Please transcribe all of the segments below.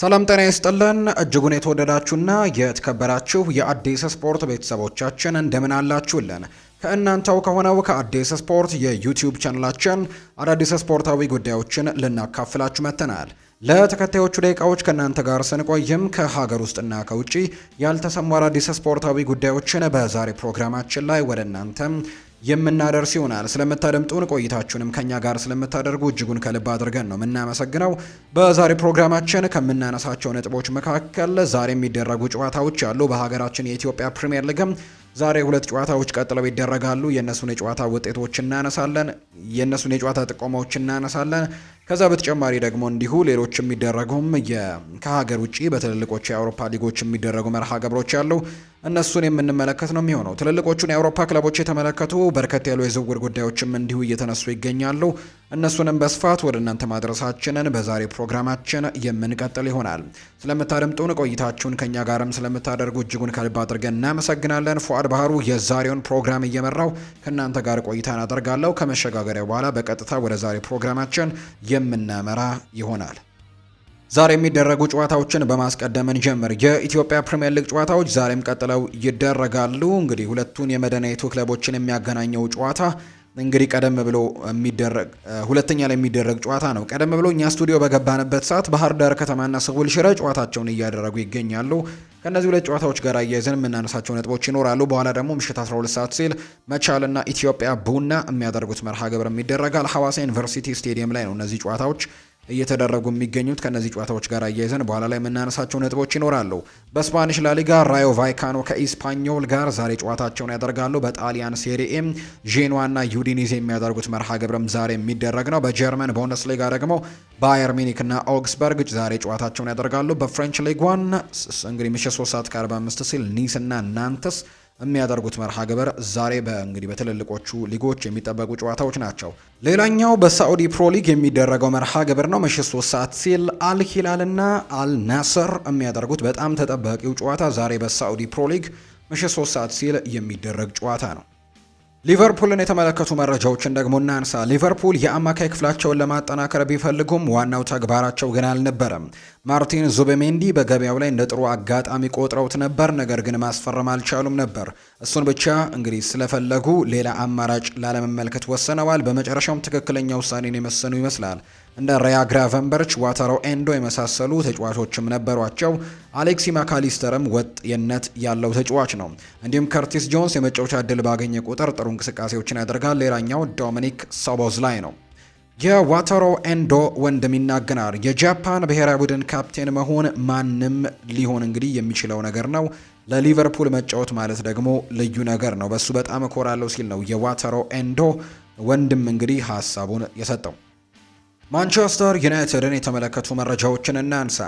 ሰላም ጤና ይስጥልን እጅጉን የተወደዳችሁና የተከበራችሁ የአዲስ ስፖርት ቤተሰቦቻችን እንደምን አላችሁልን? ከእናንተው ከሆነው ከአዲስ ስፖርት የዩቲዩብ ቻናላችን አዳዲስ ስፖርታዊ ጉዳዮችን ልናካፍላችሁ መጥተናል። ለተከታዮቹ ደቂቃዎች ከእናንተ ጋር ስንቆይም ከሀገር ውስጥና ከውጭ ያልተሰሙ አዳዲስ ስፖርታዊ ጉዳዮችን በዛሬ ፕሮግራማችን ላይ ወደ እናንተም የምናደርስ ይሆናል። ስለምታደምጡን ቆይታችሁንም ከኛ ጋር ስለምታደርጉ እጅጉን ከልብ አድርገን ነው የምናመሰግነው። በዛሬ ፕሮግራማችን ከምናነሳቸው ነጥቦች መካከል ዛሬ የሚደረጉ ጨዋታዎች አሉ። በሀገራችን የኢትዮጵያ ፕሪምየር ሊግም ዛሬ ሁለት ጨዋታዎች ቀጥለው ይደረጋሉ። የእነሱን የጨዋታ ውጤቶች እናነሳለን። የእነሱን የጨዋታ ጥቆማዎች እናነሳለን። ከዛ በተጨማሪ ደግሞ እንዲሁ ሌሎች የሚደረጉም ከሀገር ውጭ በትልልቆቹ የአውሮፓ ሊጎች የሚደረጉ መርሃ ግብሮች ያሉ እነሱን የምንመለከት ነው የሚሆነው። ትልልቆቹን የአውሮፓ ክለቦች የተመለከቱ በርከት ያሉ የዝውውር ጉዳዮችም እንዲሁ እየተነሱ ይገኛሉ። እነሱንም በስፋት ወደ እናንተ ማድረሳችንን በዛሬ ፕሮግራማችን የምንቀጥል ይሆናል። ስለምታደምጡን ቆይታችሁን ከእኛ ጋርም ስለምታደርጉ እጅጉን ከልብ አድርገን እናመሰግናለን። ፉአድ ባህሩ የዛሬውን ፕሮግራም እየመራው ከእናንተ ጋር ቆይታን አደርጋለሁ። ከመሸጋገሪያው በኋላ በቀጥታ ወደ ዛሬ ፕሮግራማችን የምናመራ ይሆናል። ዛሬ የሚደረጉ ጨዋታዎችን በማስቀደም እንጀምር። የኢትዮጵያ ፕሪምየር ሊግ ጨዋታዎች ዛሬም ቀጥለው ይደረጋሉ። እንግዲህ ሁለቱን የመድኃኒቱ ክለቦችን የሚያገናኘው ጨዋታ እንግዲህ ቀደም ብሎ የሚደረግ ሁለተኛ ላይ የሚደረግ ጨዋታ ነው። ቀደም ብሎ እኛ ስቱዲዮ በገባንበት ሰዓት ባህር ዳር ከተማና ስውል ሽረ ጨዋታቸውን እያደረጉ ይገኛሉ። ከእነዚህ ሁለት ጨዋታዎች ጋር አያይዘን የምናነሳቸው ነጥቦች ይኖራሉ። በኋላ ደግሞ ምሽት 12 ሰዓት ሲል መቻልና ኢትዮጵያ ቡና የሚያደርጉት መርሃ ግብር የሚደረጋል። ሐዋሳ ዩኒቨርሲቲ ስቴዲየም ላይ ነው እነዚህ ጨዋታዎች እየተደረጉ የሚገኙት። ከእነዚህ ጨዋታዎች ጋር አያይዘን በኋላ ላይ የምናነሳቸው ነጥቦች ይኖራሉ። በስፓኒሽ ላሊጋ ራዮ ቫይካኖ ከኢስፓኞል ጋር ዛሬ ጨዋታቸውን ያደርጋሉ። በጣሊያን ሴሪኤም ዤኗና ዩዲኒዝ የሚያደርጉት መርሃ ግብርም ዛሬ የሚደረግ ነው። በጀርመን ሊጋ ደግሞ ባየር ሚኒክና ኦግስበርግ ዛሬ ጨዋታቸውን ያደርጋሉ። በፍሬንች ሊግ ዋን እንግዲህ ምሽት 3 ሰዓት ከ45 ሲል ኒስና ናንተስ የሚያደርጉት መርሃ ግብር ዛሬ በእንግዲህ በትልልቆቹ ሊጎች የሚጠበቁ ጨዋታዎች ናቸው። ሌላኛው በሳዑዲ ፕሮ ሊግ የሚደረገው መርሃ ግብር ነው። ምሽት ሶስት ሰዓት ሲል አልሂላልና አልናስር የሚያደርጉት በጣም ተጠባቂው ጨዋታ ዛሬ በሳዑዲ ፕሮ ሊግ ምሽት ሶስት ሰዓት ሲል የሚደረግ ጨዋታ ነው። ሊቨርፑልን የተመለከቱ መረጃዎችን ደግሞ እናንሳ። ሊቨርፑል የአማካይ ክፍላቸውን ለማጠናከር ቢፈልጉም ዋናው ተግባራቸው ግን አልነበረም። ማርቲን ዙቤሜንዲ በገበያው ላይ እንደ ጥሩ አጋጣሚ ቆጥረውት ነበር፣ ነገር ግን ማስፈረም አልቻሉም ነበር። እሱን ብቻ እንግዲህ ስለፈለጉ ሌላ አማራጭ ላለመመልከት ወሰነዋል። በመጨረሻውም ትክክለኛ ውሳኔን የመሰኑ ይመስላል። እንደ ሪያ ግራቨንበርች፣ ዋተሮ ኤንዶ የመሳሰሉ ተጫዋቾችም ነበሯቸው። አሌክሲ ማካሊስተርም ወጥነት ያለው ተጫዋች ነው። እንዲሁም ከርቲስ ጆንስ የመጫወቻ እድል ባገኘ ቁጥር ጥሩ እንቅስቃሴዎችን ያደርጋል። ሌላኛው ዶሚኒክ ሶቦዝ ላይ ነው። የዋታሮ ኤንዶ ወንድም ይናገናል። የጃፓን ብሔራዊ ቡድን ካፕቴን መሆን ማንም ሊሆን እንግዲህ የሚችለው ነገር ነው። ለሊቨርፑል መጫወት ማለት ደግሞ ልዩ ነገር ነው። በሱ በጣም እኮራለሁ ሲል ነው የዋታሮ ኤንዶ ወንድም እንግዲህ ሀሳቡን የሰጠው። ማንቸስተር ዩናይትድን የተመለከቱ መረጃዎችን እናንሳ።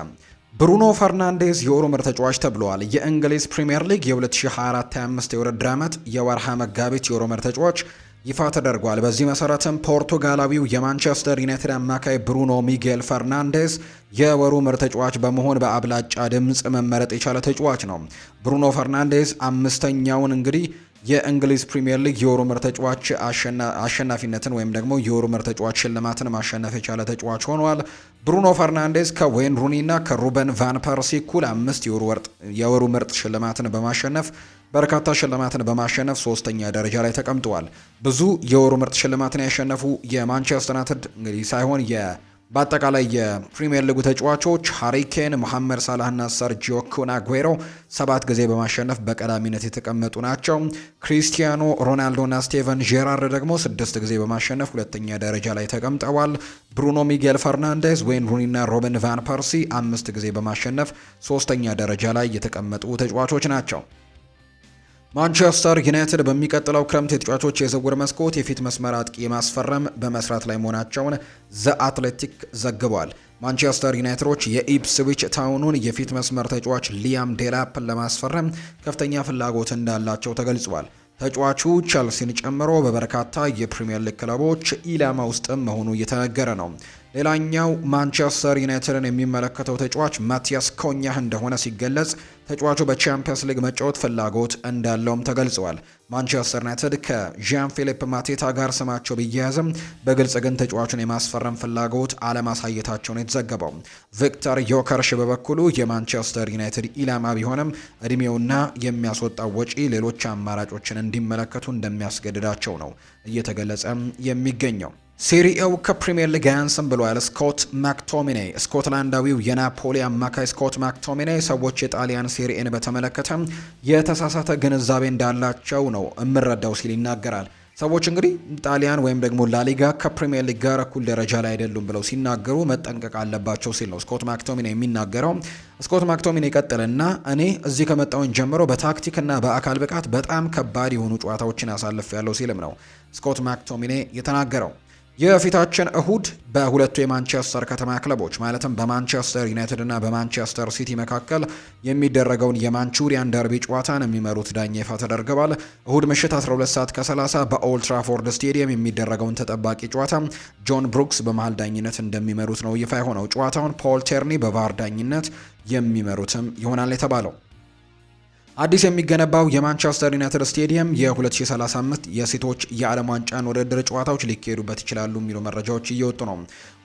ብሩኖ ፈርናንዴዝ የወሩ ምርጥ ተጫዋች ተብሏል የእንግሊዝ ፕሪምየር ሊግ የ2024/25 የውድድር ዓመት የወርሃ መጋቢት የወሩ ምርጥ ተጫዋች ይፋ ተደርጓል። በዚህ መሰረትም ፖርቱጋላዊው የማንቸስተር ዩናይትድ አማካይ ብሩኖ ሚጌል ፈርናንዴስ የወሩ ምርጥ ተጫዋች በመሆን በአብላጫ ድምፅ መመረጥ የቻለ ተጫዋች ነው። ብሩኖ ፈርናንዴዝ አምስተኛውን እንግዲህ የእንግሊዝ ፕሪምየር ሊግ የወሩ ምርጥ ተጫዋች አሸናፊነትን ወይም ደግሞ የወሩ ምርጥ ተጫዋች ሽልማትን ማሸነፍ የቻለ ተጫዋች ሆኗል። ብሩኖ ፈርናንዴዝ ከዌይን ሩኒ እና ከሩበን ቫን ፐርሲ እኩል አምስት የወሩ ምርጥ ሽልማትን በማሸነፍ በርካታ ሽልማትን በማሸነፍ ሶስተኛ ደረጃ ላይ ተቀምጠዋል። ብዙ የወሩ ምርጥ ሽልማትን ያሸነፉ የማንቸስተር ዩናይትድ እንግዲህ ሳይሆን በአጠቃላይ የፕሪምየር ሊጉ ተጫዋቾች ሃሪኬን፣ መሐመድ ሳላህና ሰርጂዮ ኩናጉዌሮ ሰባት ጊዜ በማሸነፍ በቀዳሚነት የተቀመጡ ናቸው። ክሪስቲያኖ ሮናልዶና ስቴቨን ጄራርድ ደግሞ ስድስት ጊዜ በማሸነፍ ሁለተኛ ደረጃ ላይ ተቀምጠዋል። ብሩኖ ሚጌል ፈርናንዴዝ፣ ዌይን ሩኒና ሮቢን ቫን ፐርሲ አምስት ጊዜ በማሸነፍ ሶስተኛ ደረጃ ላይ የተቀመጡ ተጫዋቾች ናቸው። ማንቸስተር ዩናይትድ በሚቀጥለው ክረምት የተጫዋቾች የዝውውር መስኮት የፊት መስመር አጥቂ ማስፈረም በመስራት ላይ መሆናቸውን ዘ አትሌቲክ ዘግቧል። ማንቸስተር ዩናይትዶች የኢፕስዊች ታውኑን የፊት መስመር ተጫዋች ሊያም ዴላፕን ለማስፈረም ከፍተኛ ፍላጎት እንዳላቸው ተገልጿል። ተጫዋቹ ቸልሲን ጨምሮ በበርካታ የፕሪምየር ሊግ ክለቦች ኢላማ ውስጥም መሆኑ እየተነገረ ነው። ሌላኛው ማንቸስተር ዩናይትድን የሚመለከተው ተጫዋች ማቲያስ ኮኛህ እንደሆነ ሲገለጽ ተጫዋቹ በቻምፒየንስ ሊግ መጫወት ፍላጎት እንዳለውም ተገልጿል። ማንቸስተር ዩናይትድ ከዣን ፊሊፕ ማቴታ ጋር ስማቸው ቢያያዝም በግልጽ ግን ተጫዋቹን የማስፈረም ፍላጎት አለማሳየታቸውን የተዘገበው ቪክተር ዮከርሽ በበኩሉ የማንቸስተር ዩናይትድ ኢላማ ቢሆንም እድሜውና የሚያስወጣው ወጪ ሌሎች አማራጮችን እንዲመለከቱ እንደሚያስገድዳቸው ነው እየተገለጸ የሚገኘው። ሴሪኤው ከፕሪምየር ሊግ አያንስም ብሏል ስኮት ማክቶሚኔ። ስኮትላንዳዊው የናፖሊ አማካይ ስኮት ማክቶሚኔ ሰዎች የጣሊያን ሴሪኤን በተመለከተ የተሳሳተ ግንዛቤ እንዳላቸው ነው የምረዳው ሲል ይናገራል። ሰዎች እንግዲህ ጣሊያን ወይም ደግሞ ላሊጋ ከፕሪምየር ሊግ ጋር እኩል ደረጃ ላይ አይደሉም ብለው ሲናገሩ መጠንቀቅ አለባቸው ሲል ነው ስኮት ማክቶሚኔ የሚናገረው። ስኮት ማክቶሚኔ ይቀጥልና እኔ እዚህ ከመጣውን ጀምሮ በታክቲክና በአካል ብቃት በጣም ከባድ የሆኑ ጨዋታዎችን አሳልፍ ያለው ሲልም ነው ስኮት ማክቶሚኔ የተናገረው። የፊታችን እሁድ በሁለቱ የማንቸስተር ከተማ ክለቦች ማለትም በማንቸስተር ዩናይትድ እና በማንቸስተር ሲቲ መካከል የሚደረገውን የማንቹሪያን ደርቢ ጨዋታን የሚመሩት ዳኛ ይፋ ተደርገዋል። እሁድ ምሽት 12 ሰዓት ከ30 በኦልድ ስቴዲየም የሚደረገውን ተጠባቂ ጨዋታ ጆን ብሩክስ በመሀል ዳኝነት እንደሚመሩት ነው ይፋ የሆነው። ጨዋታውን ፖል ቸርኒ በቫር ዳኝነት የሚመሩትም ይሆናል የተባለው አዲስ የሚገነባው የማንቸስተር ዩናይትድ ስቴዲየም የ2035 የሴቶች የዓለም ዋንጫን ውድድር ጨዋታዎች ሊካሄዱበት ይችላሉ የሚሉ መረጃዎች እየወጡ ነው።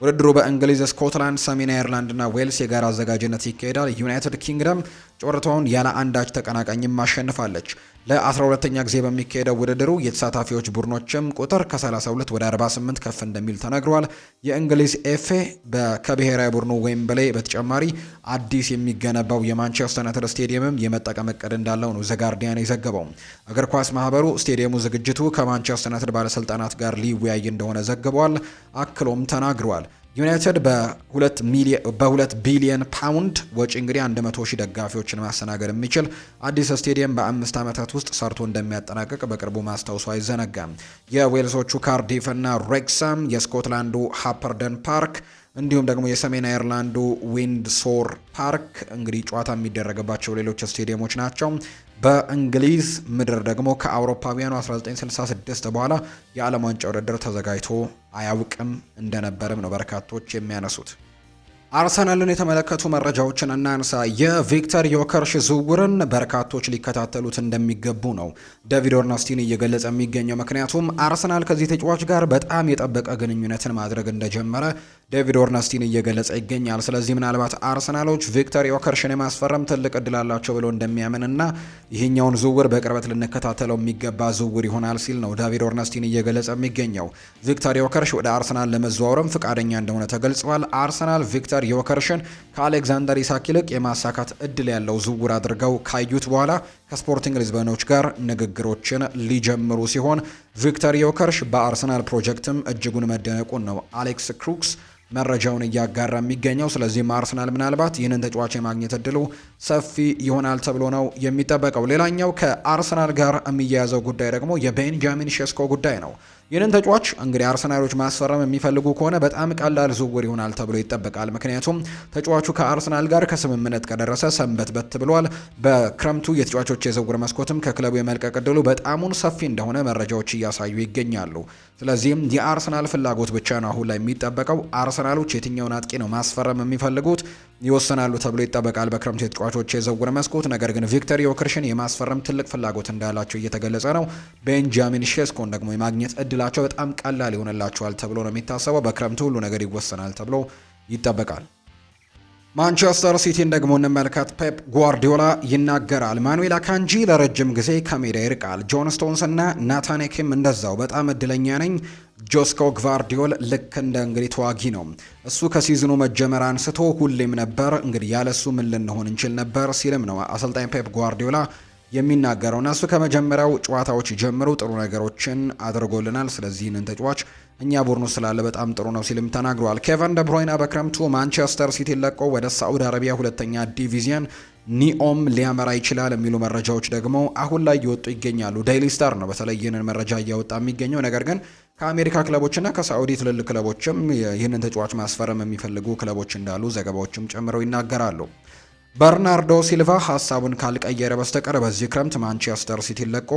ውድድሩ በእንግሊዝ፣ ስኮትላንድ፣ ሰሜን አይርላንድ እና ዌልስ የጋራ አዘጋጅነት ይካሄዳል። ዩናይትድ ኪንግደም ጨዋታውን ያለ አንዳች ተቀናቃኝም አሸንፋለች። ለ12ተኛ ጊዜ በሚካሄደው ውድድሩ የተሳታፊዎች ቡድኖችም ቁጥር ከ32 ወደ 48 ከፍ እንደሚል ተነግሯል። የእንግሊዝ ኤፌ ከብሔራዊ ቡድኑ ዌምብሌ በተጨማሪ አዲስ የሚገነባው የማንቸስተር ዩናይትድ ስቴዲየምም የመጠቀም እቅድ እንዳለው ነው ዘጋርዲያን የዘገበው። እግር ኳስ ማህበሩ ስቴዲየሙ ዝግጅቱ ከማንቸስተር ዩናይትድ ባለስልጣናት ጋር ሊወያይ እንደሆነ ዘግቧል። አክሎም ተናግሯል። ዩናይትድ በሁለት ቢሊየን ፓውንድ ወጪ እንግዲህ 100 ሺህ ደጋፊዎችን ማስተናገድ የሚችል አዲስ ስቴዲየም በአምስት ዓመታት ውስጥ ሰርቶ እንደሚያጠናቅቅ በቅርቡ ማስታወሱ አይዘነጋም። የዌልሶቹ ካርዲፍና ሬክሳም፣ የስኮትላንዱ ሃፐርደን ፓርክ እንዲሁም ደግሞ የሰሜን አየርላንዱ ዊንድሶር ፓርክ እንግዲህ ጨዋታ የሚደረግባቸው ሌሎች ስቴዲየሞች ናቸው። በእንግሊዝ ምድር ደግሞ ከአውሮፓውያኑ 1966 በኋላ የዓለም ዋንጫ ውድድር ተዘጋጅቶ አያውቅም እንደነበርም ነው በርካቶች የሚያነሱት። አርሰናልን የተመለከቱ መረጃዎችን እናንሳ። የቪክተር ዮከርሽ ዝውውርን በርካቶች ሊከታተሉት እንደሚገቡ ነው ዴቪድ ኦርነስቲን እየገለጸ የሚገኘው። ምክንያቱም አርሰናል ከዚህ ተጫዋች ጋር በጣም የጠበቀ ግንኙነትን ማድረግ እንደጀመረ ዴቪድ ኦርነስቲን እየገለጸ ይገኛል። ስለዚህ ምናልባት አርሰናሎች ቪክተር ዮከርሽን የማስፈረም ትልቅ እድል አላቸው ብሎ እንደሚያምንና ይህኛውን ዝውውር በቅርበት ልንከታተለው የሚገባ ዝውውር ይሆናል ሲል ነው ዳቪድ ኦርነስቲን እየገለጸ የሚገኘው። ቪክተር ዮከርሽ ወደ አርሰናል ለመዘዋወርም ፍቃደኛ እንደሆነ ተገልጿል። አርሰናል ቪክተር ዮከርሽን ከአሌክዛንደር ኢሳክ ይልቅ የማሳካት እድል ያለው ዝውውር አድርገው ካዩት በኋላ ከስፖርቲንግ ሊዝበኖች ጋር ንግግሮችን ሊጀምሩ ሲሆን ቪክተር ዮከርሽ በአርሰናል ፕሮጀክትም እጅጉን መደነቁን ነው አሌክስ ክሩክስ መረጃውን እያጋራ የሚገኘው። ስለዚህም አርሰናል ምናልባት ይህንን ተጫዋች የማግኘት እድሉ ሰፊ ይሆናል ተብሎ ነው የሚጠበቀው። ሌላኛው ከአርሰናል ጋር የሚያያዘው ጉዳይ ደግሞ የቤንጃሚን ሼስኮ ጉዳይ ነው። ይህንን ተጫዋች እንግዲህ አርሰናሎች ማስፈረም የሚፈልጉ ከሆነ በጣም ቀላል ዝውውር ይሆናል ተብሎ ይጠበቃል። ምክንያቱም ተጫዋቹ ከአርሰናል ጋር ከስምምነት ከደረሰ ሰንበት በት ብሏል። በክረምቱ የተጫዋቾች የዝውውር መስኮትም ከክለቡ የመልቀቅ እድሉ በጣሙን ሰፊ እንደሆነ መረጃዎች እያሳዩ ይገኛሉ። ስለዚህም የአርሰናል ፍላጎት ብቻ ነው አሁን ላይ የሚጠበቀው። አርሰናሎች የትኛውን አጥቂ ነው ማስፈረም የሚፈልጉት? ይወሰናሉ ተብሎ ይጠበቃል በክረምት የተጫዋቾች የዝውውር መስኮት። ነገር ግን ቪክተር ዮክርሽን የማስፈረም ትልቅ ፍላጎት እንዳላቸው እየተገለጸ ነው። ቤንጃሚን ሼስኮን ደግሞ የማግኘት እድላቸው በጣም ቀላል ይሆንላቸዋል ተብሎ ነው የሚታሰበው። በክረምቱ ሁሉ ነገር ይወሰናል ተብሎ ይጠበቃል። ማንቸስተር ሲቲን ደግሞ እንመልከት። ፔፕ ጓርዲዮላ ይናገራል። ማኑኤል አካንጂ ለረጅም ጊዜ ከሜዳ ይርቃል። ጆን ስቶንስ እና ናታኔክም እንደዛው። በጣም እድለኛ ነኝ። ጆስኮ ጓርዲዮል ልክ እንደ እንግዲህ ተዋጊ ነው። እሱ ከሲዝኑ መጀመር አንስቶ ሁሌም ነበር እንግዲህ ያለሱ ምን ልንሆን እንችል ነበር ሲልም ነው አሰልጣኝ ፔፕ ጓርዲዮላ የሚናገረው እና እሱ ከመጀመሪያው ጨዋታዎች ጀምሮ ጥሩ ነገሮችን አድርጎልናል። ስለዚህ ይህንን ተጫዋች እኛ ቡድኑ ስላለ በጣም ጥሩ ነው ሲልም ተናግሯል። ኬቨን ደብሮይና በክረምቱ ማንቸስተር ሲቲ ለቆ ወደ ሳዑዲ አረቢያ ሁለተኛ ዲቪዚየን ኒኦም ሊያመራ ይችላል የሚሉ መረጃዎች ደግሞ አሁን ላይ እየወጡ ይገኛሉ። ዴይሊ ስታር ነው በተለይ ይህንን መረጃ እያወጣ የሚገኘው። ነገር ግን ከአሜሪካ ክለቦችና ከሳዑዲ ትልልቅ ክለቦችም ይህንን ተጫዋች ማስፈረም የሚፈልጉ ክለቦች እንዳሉ ዘገባዎችም ጨምረው ይናገራሉ። በርናርዶ ሲልቫ ሀሳቡን ካልቀየረ በስተቀር በዚህ ክረምት ማንቸስተር ሲቲን ለቆ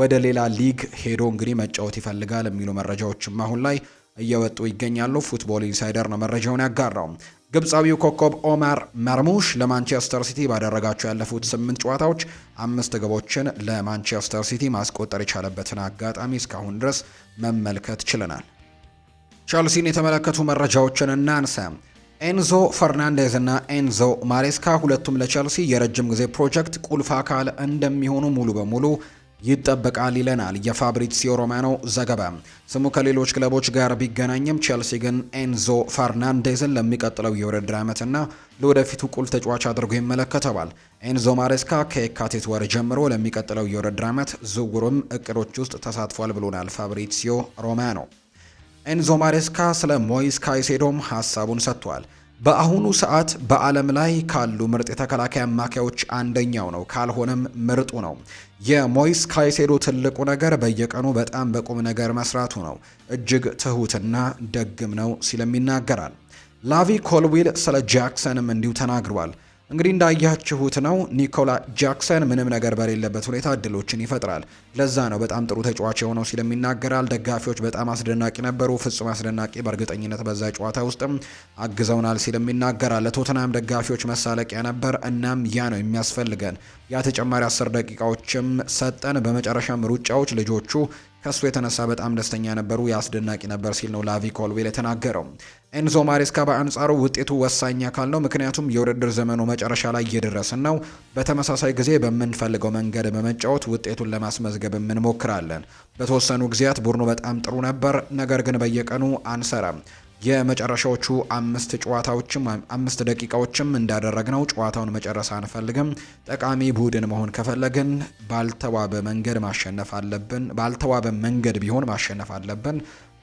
ወደ ሌላ ሊግ ሄዶ እንግዲህ መጫወት ይፈልጋል የሚሉ መረጃዎችም አሁን ላይ እየወጡ ይገኛሉ። ፉትቦል ኢንሳይደር ነው መረጃውን ያጋራው። ግብፃዊው ኮከብ ኦማር መርሙሽ ለማንቸስተር ሲቲ ባደረጋቸው ያለፉት ስምንት ጨዋታዎች አምስት ግቦችን ለማንቸስተር ሲቲ ማስቆጠር የቻለበትን አጋጣሚ እስካሁን ድረስ መመልከት ችለናል። ቸልሲን የተመለከቱ መረጃዎችን እናንሳ። ኤንዞ ፈርናንዴዝ እና ኤንዞ ማሬስካ ሁለቱም ለቸልሲ የረጅም ጊዜ ፕሮጀክት ቁልፍ አካል እንደሚሆኑ ሙሉ በሙሉ ይጠበቃል ይለናል የፋብሪሲዮ ሮማኖ ዘገባ። ስሙ ከሌሎች ክለቦች ጋር ቢገናኝም ቼልሲ ግን ኤንዞ ፈርናንዴዝን ለሚቀጥለው የውድድር ዓመትና ለወደፊቱ ቁልፍ ተጫዋች አድርጎ ይመለከተዋል። ኤንዞ ማሬስካ ከየካቲት ወር ጀምሮ ለሚቀጥለው የውድድር ዓመት ዝውውሩም እቅዶች ውስጥ ተሳትፏል ብሎናል ፋብሪሲዮ ሮማኖ። ኤንዞ ማሬስካ ስለ ሞይስ ካይሴዶም ሀሳቡን ሰጥቷል። በአሁኑ ሰዓት በዓለም ላይ ካሉ ምርጥ የተከላካይ አማካዮች አንደኛው ነው፣ ካልሆነም ምርጡ ነው። የሞይስ ካይሴዶ ትልቁ ነገር በየቀኑ በጣም በቁም ነገር መስራቱ ነው። እጅግ ትሁትና ደግም ነው ሲልም ይናገራል። ላቪ ኮልዊል ስለ ጃክሰንም እንዲሁ ተናግሯል። እንግዲህ እንዳያችሁት ነው ኒኮላ ጃክሰን ምንም ነገር በሌለበት ሁኔታ እድሎችን ይፈጥራል። ለዛ ነው በጣም ጥሩ ተጫዋች የሆነው ሲልም ይናገራል። ደጋፊዎች በጣም አስደናቂ ነበሩ፣ ፍጹም አስደናቂ። በእርግጠኝነት በዛ ጨዋታ ውስጥም አግዘውናል ሲልም ይናገራል። ለቶትናም ደጋፊዎች መሳለቂያ ነበር። እናም ያ ነው የሚያስፈልገን። ያ ተጨማሪ አስር ደቂቃዎችም ሰጠን። በመጨረሻም ሩጫዎች ልጆቹ ከሱ የተነሳ በጣም ደስተኛ ነበሩ፣ ያስደናቂ ነበር ሲል ነው ላቪ ኮልዌል የተናገረው። ኤንዞ ማሬስካ በአንጻሩ ውጤቱ ወሳኝ አካል ነው፣ ምክንያቱም የውድድር ዘመኑ መጨረሻ ላይ እየደረስን ነው። በተመሳሳይ ጊዜ በምንፈልገው መንገድ በመጫወት ውጤቱን ለማስመዝገብ እንሞክራለን። በተወሰኑ ጊዜያት ቡድኑ በጣም ጥሩ ነበር፣ ነገር ግን በየቀኑ አንሰራም። የመጨረሻዎቹ አምስት ጨዋታዎችም አምስት ደቂቃዎችም እንዳደረግነው ጨዋታውን መጨረስ አንፈልግም። ጠቃሚ ቡድን መሆን ከፈለግን ባልተዋበ መንገድ ማሸነፍ አለብን። ባልተዋበ መንገድ ቢሆን ማሸነፍ አለብን።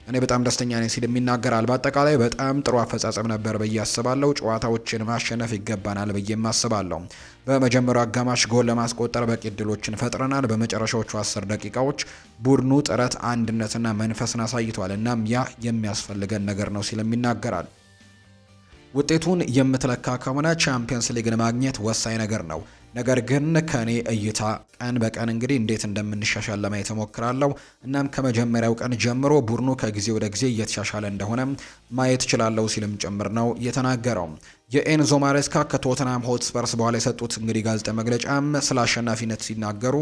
እኔ በጣም ደስተኛ ነኝ ሲልም ይናገራል። በአጠቃላይ በጣም ጥሩ አፈጻጸም ነበር ብዬ አስባለሁ። ጨዋታዎችን ማሸነፍ ይገባናል ብዬም አስባለሁ። በመጀመሪያው አጋማሽ ጎል ለማስቆጠር በቂ እድሎችን ፈጥረናል። በመጨረሻዎቹ አስር ደቂቃዎች ቡድኑ ጥረት፣ አንድነትና መንፈስን አሳይቷል። እናም ያ የሚያስፈልገን ነገር ነው ሲልም ይናገራል። ውጤቱን የምትለካ ከሆነ ቻምፒየንስ ሊግን ማግኘት ወሳኝ ነገር ነው። ነገር ግን ከኔ እይታ ቀን በቀን እንግዲህ እንዴት እንደምንሻሻል ለማየት እሞክራለሁ። እናም ከመጀመሪያው ቀን ጀምሮ ቡድኑ ከጊዜ ወደ ጊዜ እየተሻሻለ እንደሆነ ማየት እችላለሁ ሲልም ጭምር ነው የተናገረው። የኤንዞ ማሬስካ ከቶተናም ሆትስፐርስ በኋላ የሰጡት እንግዲህ ጋዜጣ መግለጫም ስለ አሸናፊነት ሲናገሩ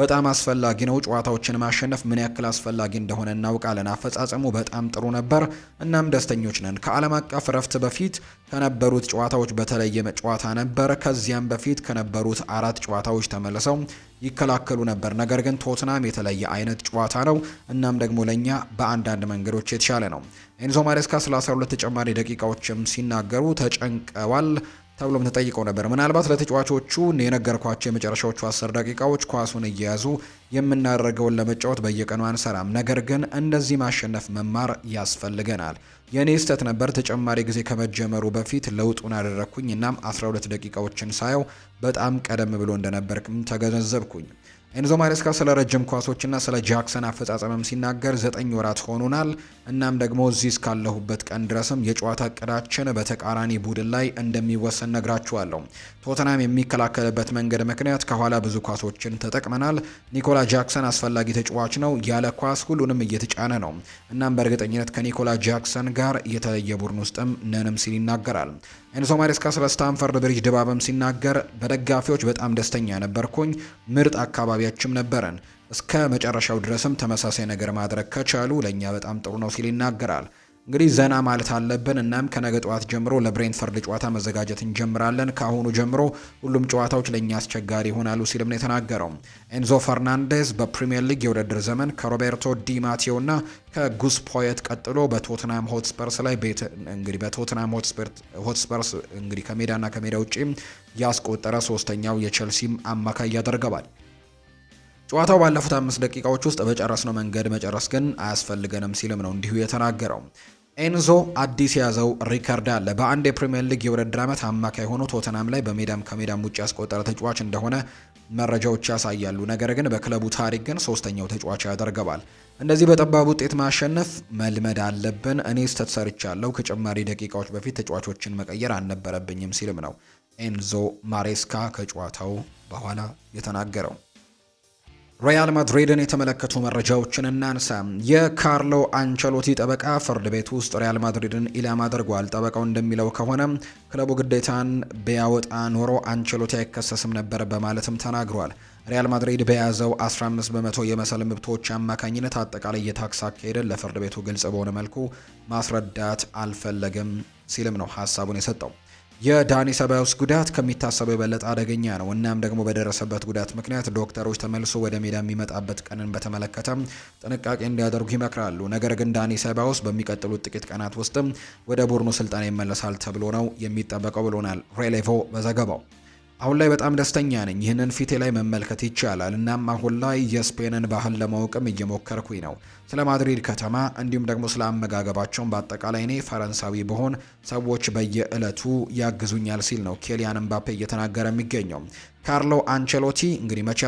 በጣም አስፈላጊ ነው። ጨዋታዎችን ማሸነፍ ምን ያክል አስፈላጊ እንደሆነ እናውቃለን። አፈጻጸሙ በጣም ጥሩ ነበር። እናም ደስተኞች ነን። ከዓለም አቀፍ ረፍት በፊት ከነበሩት ጨዋታዎች በተለየ ጨዋታ ነበር። ከዚያም በፊት ከነበሩት አራት ጨዋታዎች ተመልሰው ይከላከሉ ነበር። ነገር ግን ቶትናም የተለየ አይነት ጨዋታ ነው። እናም ደግሞ ለእኛ በአንዳንድ መንገዶች የተሻለ ነው። ኤንዞ ማሬስካ ስለ 12 ተጨማሪ ደቂቃዎችም ሲናገሩ ተጨንቀዋል። ተብሎም ተጠይቀው ነበር። ምናልባት ለተጫዋቾቹ የነገርኳቸው የመጨረሻዎቹ አስር ደቂቃዎች ኳሱን እየያዙ የምናደርገውን ለመጫወት በየቀኑ አንሰራም፣ ነገር ግን እንደዚህ ማሸነፍ መማር ያስፈልገናል። የእኔ ስህተት ነበር። ተጨማሪ ጊዜ ከመጀመሩ በፊት ለውጡን አደረግኩኝ። እናም 12 ደቂቃዎችን ሳየው በጣም ቀደም ብሎ እንደነበርም ተገነዘብኩኝ። ኤንዞ ማሬስካ ስለ ረጅም ኳሶችና ስለ ጃክሰን አፈጻጸምም ሲናገር ዘጠኝ ወራት ሆኑናል። እናም ደግሞ እዚህ እስካለሁበት ቀን ድረስም የጨዋታ እቅዳችን በተቃራኒ ቡድን ላይ እንደሚወሰን ነግራችኋለሁ። ቶተናም የሚከላከልበት መንገድ ምክንያት ከኋላ ብዙ ኳሶችን ተጠቅመናል። ኒኮላ ጃክሰን አስፈላጊ ተጫዋች ነው። ያለ ኳስ ሁሉንም እየተጫነ ነው። እናም በእርግጠኝነት ከኒኮላ ጃክሰን ጋር የተለየ ቡድን ውስጥም ነንም ሲል ይናገራል። ኤንዞ ማሬስካ ስለ ስታንፈርድ ብሪጅ ድባብም ሲናገር በደጋፊዎች በጣም ደስተኛ ነበርኩኝ። ምርጥ አካባቢያችም ነበረን። እስከ መጨረሻው ድረስም ተመሳሳይ ነገር ማድረግ ከቻሉ ለእኛ በጣም ጥሩ ነው ሲል ይናገራል። እንግዲህ ዘና ማለት አለብን። እናም ከነገ ጠዋት ጀምሮ ለብሬንትፈርድ ጨዋታ መዘጋጀት እንጀምራለን። ከአሁኑ ጀምሮ ሁሉም ጨዋታዎች ለእኛ አስቸጋሪ ይሆናሉ ሲልም ነው የተናገረው። ኤንዞ ፈርናንዴዝ በፕሪምየር ሊግ የውድድር ዘመን ከሮቤርቶ ዲ ማቴዮ እና ከጉስ ፖየት ቀጥሎ በቶትናም ሆትስፐርስ ላይ ቤት እንግዲህ በቶትናም ሆትስፐርስ እንግዲህ ከሜዳና ከሜዳ ውጪ ያስቆጠረ ሶስተኛው የቸልሲም አማካይ ያደርገዋል። ጨዋታው ባለፉት አምስት ደቂቃዎች ውስጥ በጨረስነው መንገድ መጨረስ ግን አያስፈልገንም ሲልም ነው እንዲሁ የተናገረው። ኤንዞ አዲስ የያዘው ሪከርድ አለ። በአንድ የፕሪምየር ሊግ የውድድር ዓመት አማካይ ሆኖ ቶተናም ላይ በሜዳም ከሜዳም ውጭ ያስቆጠረ ተጫዋች እንደሆነ መረጃዎች ያሳያሉ። ነገር ግን በክለቡ ታሪክ ግን ሶስተኛው ተጫዋች ያደርገዋል። እንደዚህ በጠባብ ውጤት ማሸነፍ መልመድ አለብን። እኔ ስህተት ሰርቻለሁ። ከጭማሪ ደቂቃዎች በፊት ተጫዋቾችን መቀየር አልነበረብኝም ሲልም ነው ኤንዞ ማሬስካ ከጨዋታው በኋላ የተናገረው። ሪያል ማድሪድን የተመለከቱ መረጃዎችን እናንሳ። የካርሎ አንቸሎቲ ጠበቃ ፍርድ ቤት ውስጥ ሪያል ማድሪድን ኢላማ አድርጓል። ጠበቃው እንደሚለው ከሆነ ክለቡ ግዴታን ቢያወጣ ኖሮ አንቸሎቲ አይከሰስም ነበር በማለትም ተናግሯል። ሪያል ማድሪድ በያዘው 15 በመቶ የመሰል መብቶች አማካኝነት አጠቃላይ የታክስ አካሄድን ለፍርድ ቤቱ ግልጽ በሆነ መልኩ ማስረዳት አልፈለግም ሲልም ነው ሀሳቡን የሰጠው። የዳኒ ሰባዮስ ጉዳት ከሚታሰበው የበለጠ አደገኛ ነው። እናም ደግሞ በደረሰበት ጉዳት ምክንያት ዶክተሮች ተመልሶ ወደ ሜዳ የሚመጣበት ቀንን በተመለከተ ጥንቃቄ እንዲያደርጉ ይመክራሉ። ነገር ግን ዳኒ ሰባዮስ በሚቀጥሉት ጥቂት ቀናት ውስጥም ወደ ቡድኑ ስልጠና ይመለሳል ተብሎ ነው የሚጠበቀው ብሎናል ሬሌቮ በዘገባው። አሁን ላይ በጣም ደስተኛ ነኝ። ይህንን ፊቴ ላይ መመልከት ይቻላል። እናም አሁን ላይ የስፔንን ባህል ለማወቅም እየሞከርኩኝ ነው። ስለ ማድሪድ ከተማ እንዲሁም ደግሞ ስለ አመጋገባቸውን በአጠቃላይ እኔ ፈረንሳዊ በሆን ሰዎች በየዕለቱ ያግዙኛል ሲል ነው ኬሊያን እምባፔ እየተናገረ የሚገኘው። ካርሎ አንቸሎቲ እንግዲህ መቼ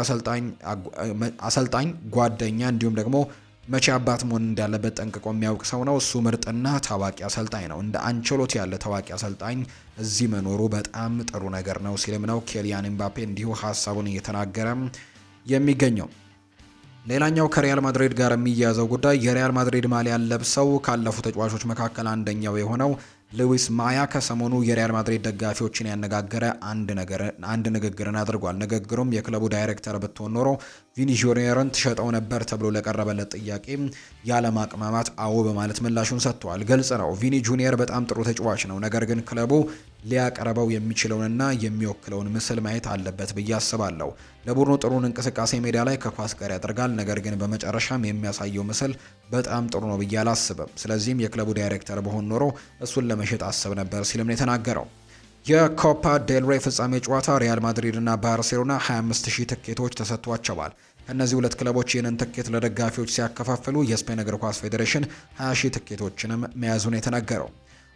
አሰልጣኝ ጓደኛ እንዲሁም ደግሞ መቼ አባት መሆን እንዳለበት ጠንቅቆ የሚያውቅ ሰው ነው። እሱ ምርጥና ታዋቂ አሰልጣኝ ነው። እንደ አንቸሎት ያለ ታዋቂ አሰልጣኝ እዚህ መኖሩ በጣም ጥሩ ነገር ነው ሲልም ነው ኬሊያን ኤምባፔ እንዲሁ ሀሳቡን እየተናገረ የሚገኘው። ሌላኛው ከሪያል ማድሪድ ጋር የሚያያዘው ጉዳይ የሪያል ማድሪድ ማሊያን ለብሰው ካለፉ ተጫዋቾች መካከል አንደኛው የሆነው ሉዊስ ማያ ከሰሞኑ የሪያል ማድሪድ ደጋፊዎችን ያነጋገረ አንድ ነገር አንድ ንግግርን አድርጓል። ንግግሩም የክለቡ ዳይሬክተር ብትሆን ኖሮ ቪኒ ጁኒየርን ትሸጠው ነበር ተብሎ ለቀረበለት ጥያቄ ያለማቅማማት አዎ በማለት ምላሹን ሰጥቷል። ግልጽ ነው ቪኒ ጁኒየር በጣም ጥሩ ተጫዋች ነው፣ ነገር ግን ክለቡ ሊያቀርበው የሚችለውንና የሚወክለውን ምስል ማየት አለበት ብዬ አስባለሁ። ለቡድኑ ጥሩን እንቅስቃሴ ሜዳ ላይ ከኳስ ጋር ያደርጋል፣ ነገር ግን በመጨረሻም የሚያሳየው ምስል በጣም ጥሩ ነው ብዬ አላስብም። ስለዚህም የክለቡ ዳይሬክተር በሆን ኖሮ እሱን ለመሸጥ አስብ ነበር ሲልም ነው የተናገረው። የኮፓ ዴልሬ ፍጻሜ ጨዋታ ሪያል ማድሪድ እና ባርሴሎና 25000 ትኬቶች ተሰጥቷቸዋል። እነዚህ ሁለት ክለቦች ይህንን ትኬት ለደጋፊዎች ሲያከፋፍሉ የስፔን እግር ኳስ ፌዴሬሽን 20 ሺህ ትኬቶችንም መያዙን የተነገረው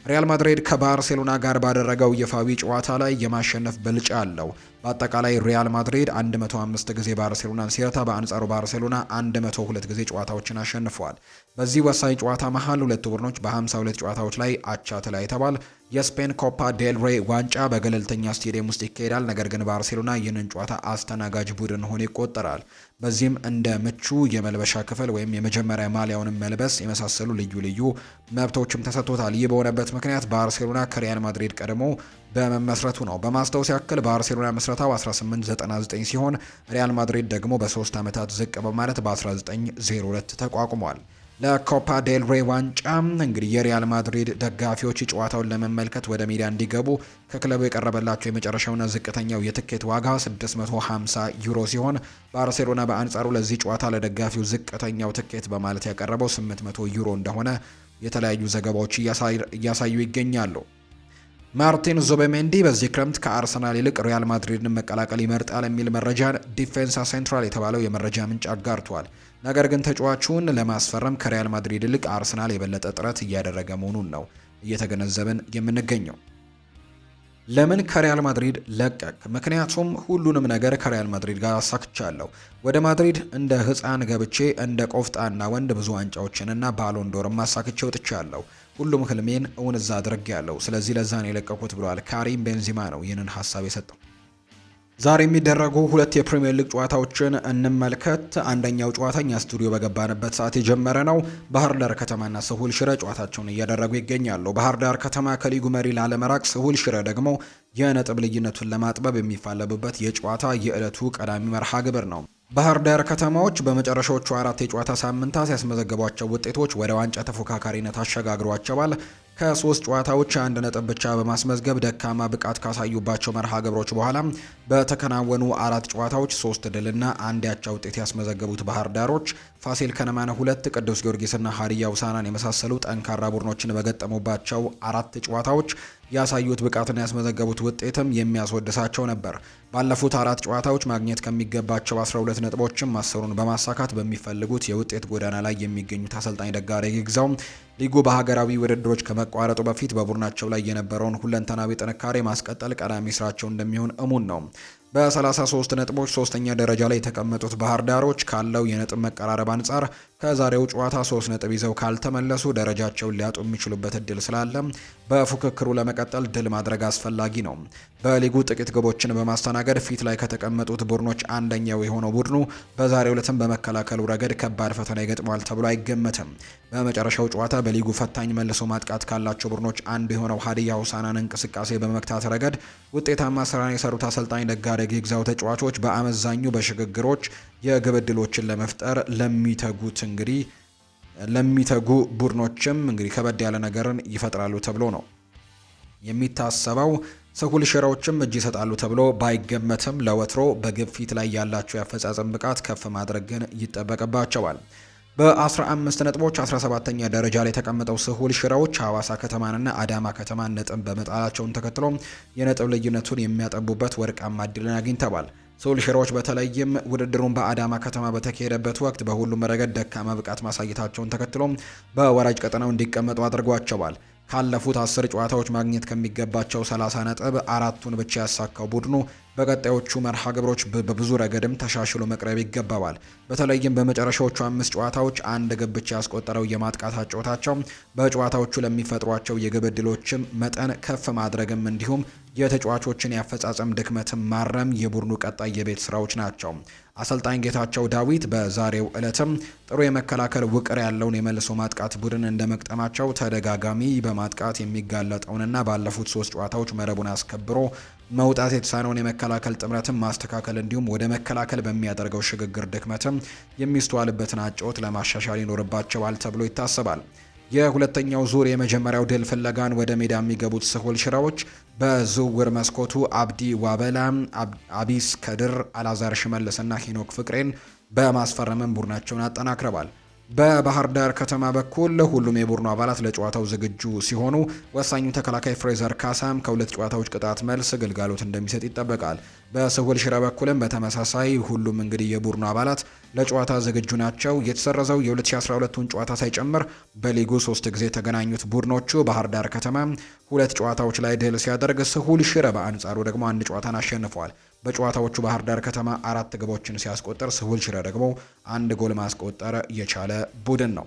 ሪያል ማድሪድ ከባርሴሎና ጋር ባደረገው ይፋዊ ጨዋታ ላይ የማሸነፍ ብልጫ አለው። በአጠቃላይ ሪያል ማድሪድ 105 ጊዜ ባርሴሎናን ሲረታ፣ በአንጻሩ ባርሴሎና 102 ጊዜ ጨዋታዎችን አሸንፏል። በዚህ ወሳኝ ጨዋታ መሃል ሁለቱ ቡድኖች በ52 ጨዋታዎች ላይ አቻ ተለያይተዋል። የስፔን ኮፓ ዴል ሬይ ዋንጫ በገለልተኛ ስቴዲየም ውስጥ ይካሄዳል። ነገር ግን ባርሴሎና ይህንን ጨዋታ አስተናጋጅ ቡድን ሆኖ ይቆጠራል። በዚህም እንደ ምቹ የመልበሻ ክፍል ወይም የመጀመሪያ ማሊያውንም መልበስ የመሳሰሉ ልዩ ልዩ መብቶችም ተሰጥቶታል። ይህ በሆነበት ምክንያት ባርሴሎና ከሪያል ማድሪድ ቀድሞ በመመስረቱ ነው። በማስታወስ ያክል ባርሴሎና ምስረታው 1899 ሲሆን ሪያል ማድሪድ ደግሞ በሶስት ዓመታት ዝቅ በማለት በ1902 ተቋቁሟል። ለኮፓ ዴል ሬ ዋንጫ እንግዲህ የሪያል ማድሪድ ደጋፊዎች ጨዋታውን ለመመልከት ወደ ሜዳ እንዲገቡ ከክለቡ የቀረበላቸው የመጨረሻውና ዝቅተኛው የትኬት ዋጋ 650 ዩሮ ሲሆን ባርሴሎና በአንጻሩ ለዚህ ጨዋታ ለደጋፊው ዝቅተኛው ትኬት በማለት ያቀረበው 800 ዩሮ እንደሆነ የተለያዩ ዘገባዎች እያሳዩ ይገኛሉ። ማርቲን ዙቤሜንዲ በዚህ ክረምት ከአርሰናል ይልቅ ሪያል ማድሪድን መቀላቀል ይመርጣል የሚል መረጃን ዲፌንሳ ሴንትራል የተባለው የመረጃ ምንጭ አጋርቷል። ነገር ግን ተጫዋቹን ለማስፈረም ከሪያል ማድሪድ ይልቅ አርሰናል የበለጠ ጥረት እያደረገ መሆኑን ነው እየተገነዘብን የምንገኘው። ለምን ከሪያል ማድሪድ ለቀቅ? ምክንያቱም ሁሉንም ነገር ከሪያል ማድሪድ ጋር አሳክቻለሁ። ወደ ማድሪድ እንደ ሕፃን ገብቼ እንደ ቆፍጣና ወንድ ብዙ ዋንጫዎችንና ባሎንዶርም አሳክቼ ወጥቻለሁ። ሁሉም ህልሜን እውን እዛ አድርጌያለሁ። ስለዚህ ለዛ ነው የለቀኩት ብሏል። ካሪም ቤንዚማ ነው ይህንን ሀሳብ የሰጠው። ዛሬ የሚደረጉ ሁለት የፕሪምየር ሊግ ጨዋታዎችን እንመልከት። አንደኛው ጨዋታኛ ስቱዲዮ በገባንበት ሰዓት የጀመረ ነው። ባህር ዳር ከተማና ስሁል ሽረ ጨዋታቸውን እያደረጉ ይገኛሉ። ባህር ዳር ከተማ ከሊጉ መሪ ላለመራቅ፣ ስሁል ሽረ ደግሞ የነጥብ ልዩነቱን ለማጥበብ የሚፋለሙበት የጨዋታ የዕለቱ ቀዳሚ መርሃ ግብር ነው። ባህር ዳር ከተማዎች በመጨረሻዎቹ አራት የጨዋታ ሳምንታት ያስመዘገቧቸው ውጤቶች ወደ ዋንጫ ተፎካካሪነት አሸጋግሯቸዋል። ከሶስት ጨዋታዎች አንድ ነጥብ ብቻ በማስመዝገብ ደካማ ብቃት ካሳዩባቸው መርሃ ግብሮች በኋላ በተከናወኑ አራት ጨዋታዎች ሶስት ድልና አንድ ያቻ ውጤት ያስመዘገቡት ባህር ዳሮች ፋሲል ከነማን ሁለት፣ ቅዱስ ጊዮርጊስና ሀዲያ ውሳናን የመሳሰሉ ጠንካራ ቡድኖችን በገጠሙባቸው አራት ጨዋታዎች ያሳዩት ብቃትና ያስመዘገቡት ውጤትም የሚያስወድሳቸው ነበር። ባለፉት አራት ጨዋታዎች ማግኘት ከሚገባቸው 12 ነጥቦችም አስሩን በማሳካት በሚፈልጉት የውጤት ጎዳና ላይ የሚገኙት አሰልጣኝ ደጋሪ ግግዛው ሊጉ በሀገራዊ ውድድሮች ከመቋረጡ በፊት በቡድናቸው ላይ የነበረውን ሁለንተናዊ ጥንካሬ ማስቀጠል ቀዳሚ ስራቸው እንደሚሆን እሙን ነው። በ33 ነጥቦች ሶስተኛ ደረጃ ላይ የተቀመጡት ባህር ዳሮች ካለው የነጥብ መቀራረብ አንጻር ከዛሬው ጨዋታ ሶስት ነጥብ ይዘው ካልተመለሱ ደረጃቸውን ሊያጡ የሚችሉበት እድል ስላለ በፉክክሩ ለመቀጠል ድል ማድረግ አስፈላጊ ነው። በሊጉ ጥቂት ግቦችን በማስተናገድ ፊት ላይ ከተቀመጡት ቡድኖች አንደኛው የሆነው ቡድኑ በዛሬው ዕለትም በመከላከሉ ረገድ ከባድ ፈተና ይገጥመዋል ተብሎ አይገመትም። በመጨረሻው ጨዋታ በሊጉ ፈታኝ መልሶ ማጥቃት ካላቸው ቡድኖች አንዱ የሆነው ሀዲያ ሆሳዕናን እንቅስቃሴ በመክታት ረገድ ውጤታማ ስራን የሰሩት አሰልጣኝ ነጋሪ ግዛው ተጫዋቾች በአመዛኙ በሽግግሮች የግብ ዕድሎችን ለመፍጠር ለሚተጉት እንግዲህ ለሚተጉ ቡድኖችም እንግዲህ ከበድ ያለ ነገርን ይፈጥራሉ ተብሎ ነው የሚታሰበው። ስሁል ሽራዎችም እጅ ይሰጣሉ ተብሎ ባይገመትም ለወትሮ በግፊት ላይ ያላቸው የአፈጻጸም ብቃት ከፍ ማድረግ ግን ይጠበቅባቸዋል። በ15 ነጥቦች 17ኛ ደረጃ ላይ የተቀመጠው ስሁል ሽራዎች ሐዋሳ ከተማንና አዳማ ከተማን ነጥብ በመጣላቸውን ተከትሎ የነጥብ ልዩነቱን የሚያጠቡበት ወርቃማ እድልን አግኝተዋል። ስሁል ሽራዎች በተለይም ውድድሩን በአዳማ ከተማ በተካሄደበት ወቅት በሁሉም ረገድ ደካማ ብቃት ማሳየታቸውን ተከትሎ በወራጅ ቀጠናው እንዲቀመጡ አድርጓቸዋል። ካለፉት አስር ጨዋታዎች ማግኘት ከሚገባቸው 30 ነጥብ አራቱን ብቻ ያሳካው ቡድኑ በቀጣዮቹ መርሃ ግብሮች በብዙ ረገድም ተሻሽሎ መቅረብ ይገባዋል። በተለይም በመጨረሻዎቹ አምስት ጨዋታዎች አንድ ግብ ብቻ ያስቆጠረው የማጥቃት አጨዋወታቸው በጨዋታዎቹ ለሚፈጥሯቸው የግብ ዕድሎችም መጠን ከፍ ማድረግም እንዲሁም የተጫዋቾችን ያፈጻጸም ድክመትም ማረም የቡድኑ ቀጣይ የቤት ስራዎች ናቸው። አሰልጣኝ ጌታቸው ዳዊት በዛሬው ዕለትም ጥሩ የመከላከል ውቅር ያለውን የመልሶ ማጥቃት ቡድን እንደመቅጠማቸው ተደጋጋሚ በማጥቃት የሚጋለጠውንና ባለፉት ሶስት ጨዋታዎች መረቡን አስከብሮ መውጣት የተሳነውን የመከላከል ጥምረትም ማስተካከል እንዲሁም ወደ መከላከል በሚያደርገው ሽግግር ድክመትም የሚስተዋልበትን አጨዋወት ለማሻሻል ይኖርባቸዋል ተብሎ ይታሰባል። የሁለተኛው ዙር የመጀመሪያው ድል ፍለጋን ወደ ሜዳ የሚገቡት ስሁል ሽራዎች በዝውውር መስኮቱ አብዲ ዋበላ፣ አቢስ ከድር፣ አላዛር ሽመልስና ሂኖክ ፍቅሬን በማስፈረምም ቡድናቸውን አጠናክረዋል። በባህር ዳር ከተማ በኩል ሁሉም የቡድኑ አባላት ለጨዋታው ዝግጁ ሲሆኑ ወሳኙ ተከላካይ ፍሬዘር ካሳም ከሁለት ጨዋታዎች ቅጣት መልስ ግልጋሎት እንደሚሰጥ ይጠበቃል። በስሁል ሽረ በኩልም በተመሳሳይ ሁሉም እንግዲህ የቡድኑ አባላት ለጨዋታ ዝግጁ ናቸው። የተሰረዘው የ2012ቱን ጨዋታ ሳይጨምር በሊጉ ሶስት ጊዜ የተገናኙት ቡድኖቹ ባህር ዳር ከተማ ሁለት ጨዋታዎች ላይ ድል ሲያደርግ፣ ስሁል ሽረ በአንጻሩ ደግሞ አንድ ጨዋታን አሸንፈዋል። በጨዋታዎቹ ባህር ዳር ከተማ አራት ግቦችን ሲያስቆጥር፣ ስሁል ሽረ ደግሞ አንድ ጎል ማስቆጠር የቻለ ቡድን ነው።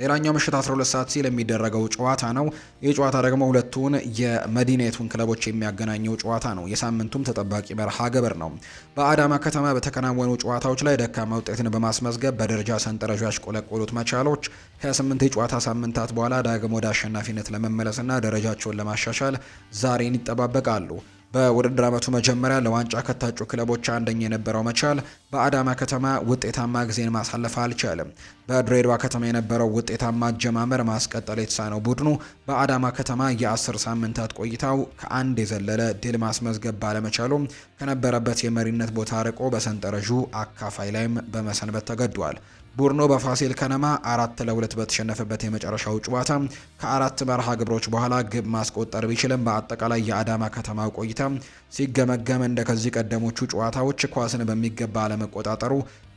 ሌላኛው ምሽት 12 ሰዓት ሲል የሚደረገው ጨዋታ ነው። ይህ ጨዋታ ደግሞ ሁለቱን የመዲኔቱን ክለቦች የሚያገናኘው ጨዋታ ነው። የሳምንቱም ተጠባቂ መርሃ ግብር ነው። በአዳማ ከተማ በተከናወኑ ጨዋታዎች ላይ ደካማ ውጤትን በማስመዝገብ በደረጃ ሰንጠረዡ ያሽቆለቆሉት መቻሎች ከ8 የጨዋታ ሳምንታት በኋላ ዳግም ወደ አሸናፊነት ለመመለስና ደረጃቸውን ለማሻሻል ዛሬን ይጠባበቃሉ። በውድድር አመቱ መጀመሪያ ለዋንጫ ከታጩ ክለቦች አንደኛ የነበረው መቻል በአዳማ ከተማ ውጤታማ ጊዜን ማሳለፍ አልቻለም። በድሬዳዋ ከተማ የነበረው ውጤታማ አጀማመር ማስቀጠል የተሳነው ቡድኑ በአዳማ ከተማ የአስር ሳምንታት ቆይታው ከአንድ የዘለለ ድል ማስመዝገብ ባለመቻሉም ከነበረበት የመሪነት ቦታ ርቆ በሰንጠረዡ አካፋይ ላይም በመሰንበት ተገዷል። ቡድኑ በፋሲል ከነማ አራት ለሁለት በተሸነፈበት የመጨረሻው ጨዋታ ከአራት መርሃ ግብሮች በኋላ ግብ ማስቆጠር ቢችልም በአጠቃላይ የአዳማ ከተማ ቆይታ ሲገመገም እንደ ከዚህ ቀደሞቹ ጨዋታዎች ኳስን በሚገባ አለመቆጣጠሩ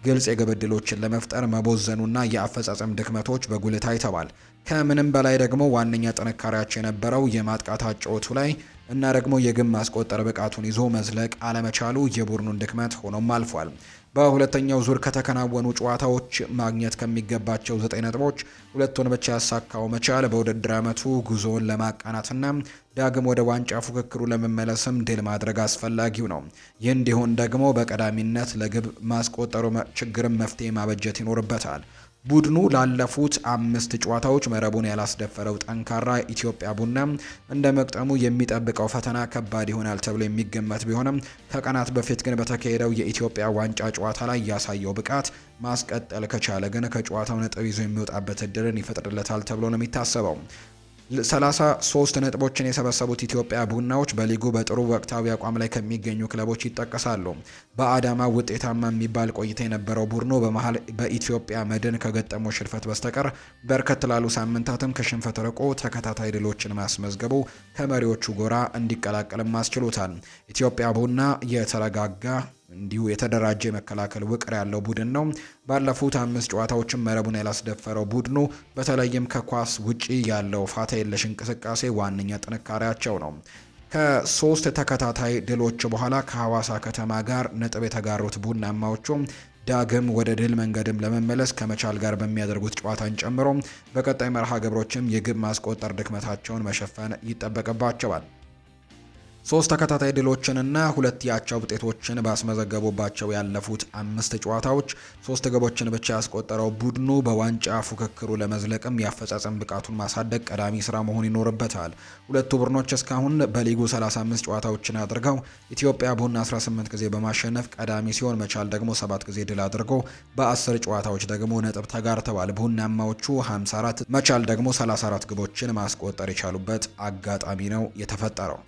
ግልጽ የግብ ዕድሎችን ለመፍጠር መቦዘኑና የአፈጻጸም ድክመቶች በጉልህ ታይተዋል። ከምንም በላይ ደግሞ ዋነኛ ጥንካሬያቸው የነበረው የማጥቃት አጨዋወቱ ላይ እና ደግሞ የግብ ማስቆጠር ብቃቱን ይዞ መዝለቅ አለመቻሉ የቡድኑን ድክመት ሆኖም አልፏል። በሁለተኛው ዙር ከተከናወኑ ጨዋታዎች ማግኘት ከሚገባቸው ዘጠኝ ነጥቦች ሁለቱን ብቻ ያሳካው መቻል በውድድር ዓመቱ ጉዞውን ለማቃናትና ዳግም ወደ ዋንጫ ፉክክሩ ለመመለስም ድል ማድረግ አስፈላጊው ነው። ይህ እንዲሆን ደግሞ በቀዳሚነት ለግብ ማስቆጠሩ ችግርም መፍትሄ ማበጀት ይኖርበታል። ቡድኑ ላለፉት አምስት ጨዋታዎች መረቡን ያላስደፈረው ጠንካራ ኢትዮጵያ ቡና እንደ መቅጠሙ የሚጠብቀው ፈተና ከባድ ይሆናል ተብሎ የሚገመት ቢሆንም ከቀናት በፊት ግን በተካሄደው የኢትዮጵያ ዋንጫ ጨዋታ ላይ ያሳየው ብቃት ማስቀጠል ከቻለ ግን ከጨዋታው ነጥብ ይዞ የሚወጣበት እድልን ይፈጥርለታል ተብሎ ነው የሚታሰበው። 33 ነጥቦችን የሰበሰቡት ኢትዮጵያ ቡናዎች በሊጉ በጥሩ ወቅታዊ አቋም ላይ ከሚገኙ ክለቦች ይጠቀሳሉ። በአዳማ ውጤታማ የሚባል ቆይታ የነበረው ቡድኑ በመሀል በኢትዮጵያ መድን ከገጠመው ሽንፈት በስተቀር በርከት ላሉ ሳምንታትም ከሽንፈት ርቆ ተከታታይ ድሎችን ማስመዝገቡ ከመሪዎቹ ጎራ እንዲቀላቀልም አስችሎታል። ኢትዮጵያ ቡና የተረጋጋ እንዲሁ የተደራጀ የመከላከል ውቅር ያለው ቡድን ነው። ባለፉት አምስት ጨዋታዎችም መረቡን ያላስደፈረው ቡድኑ በተለይም ከኳስ ውጪ ያለው ፋታ የለሽ እንቅስቃሴ ዋነኛ ጥንካሬያቸው ነው። ከሶስት ተከታታይ ድሎች በኋላ ከሐዋሳ ከተማ ጋር ነጥብ የተጋሩት ቡናማዎቹ ዳግም ወደ ድል መንገድም ለመመለስ ከመቻል ጋር በሚያደርጉት ጨዋታን ጨምሮ በቀጣይ መርሃ ግብሮችም የግብ ማስቆጠር ድክመታቸውን መሸፈን ይጠበቅባቸዋል። ሶስት ተከታታይ ድሎችንና ሁለት ያቻ ውጤቶችን ባስመዘገቡባቸው ያለፉት አምስት ጨዋታዎች ሶስት ግቦችን ብቻ ያስቆጠረው ቡድኑ በዋንጫ ፉክክሩ ለመዝለቅም የአፈጻጸም ብቃቱን ማሳደግ ቀዳሚ ስራ መሆን ይኖርበታል። ሁለቱ ቡድኖች እስካሁን በሊጉ 35 ጨዋታዎችን አድርገው ኢትዮጵያ ቡና 18 ጊዜ በማሸነፍ ቀዳሚ ሲሆን መቻል ደግሞ ሰባት ጊዜ ድል አድርጎ በ10 ጨዋታዎች ደግሞ ነጥብ ተጋርተዋል። ቡናማዎቹ 54 መቻል ደግሞ 34 ግቦችን ማስቆጠር የቻሉበት አጋጣሚ ነው የተፈጠረው።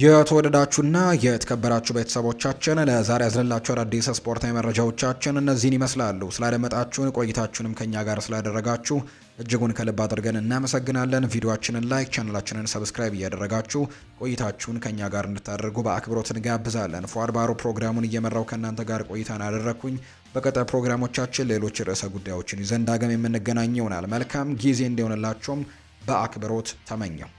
የተወደዳችሁና የተከበራችሁ ቤተሰቦቻችን ለዛሬ ያዝንላችሁ አዳዲስ ስፖርታዊ መረጃዎቻችን እነዚህን ይመስላሉ። ስላደመጣችሁን ቆይታችሁንም ከኛ ጋር ስላደረጋችሁ እጅጉን ከልብ አድርገን እናመሰግናለን። ቪዲዮችንን ላይክ፣ ቻናላችንን ሰብስክራይብ እያደረጋችሁ ቆይታችሁን ከኛ ጋር እንድታደርጉ በአክብሮት እንጋብዛለን። ባሮ ፕሮግራሙን እየመራው ከእናንተ ጋር ቆይታን አደረግኩኝ። በቀጣይ ፕሮግራሞቻችን ሌሎች ርዕሰ ጉዳዮችን ይዘን ዳግም የምንገናኝ ይሆናል። መልካም ጊዜ እንዲሆንላቸውም በአክብሮት ተመኘው።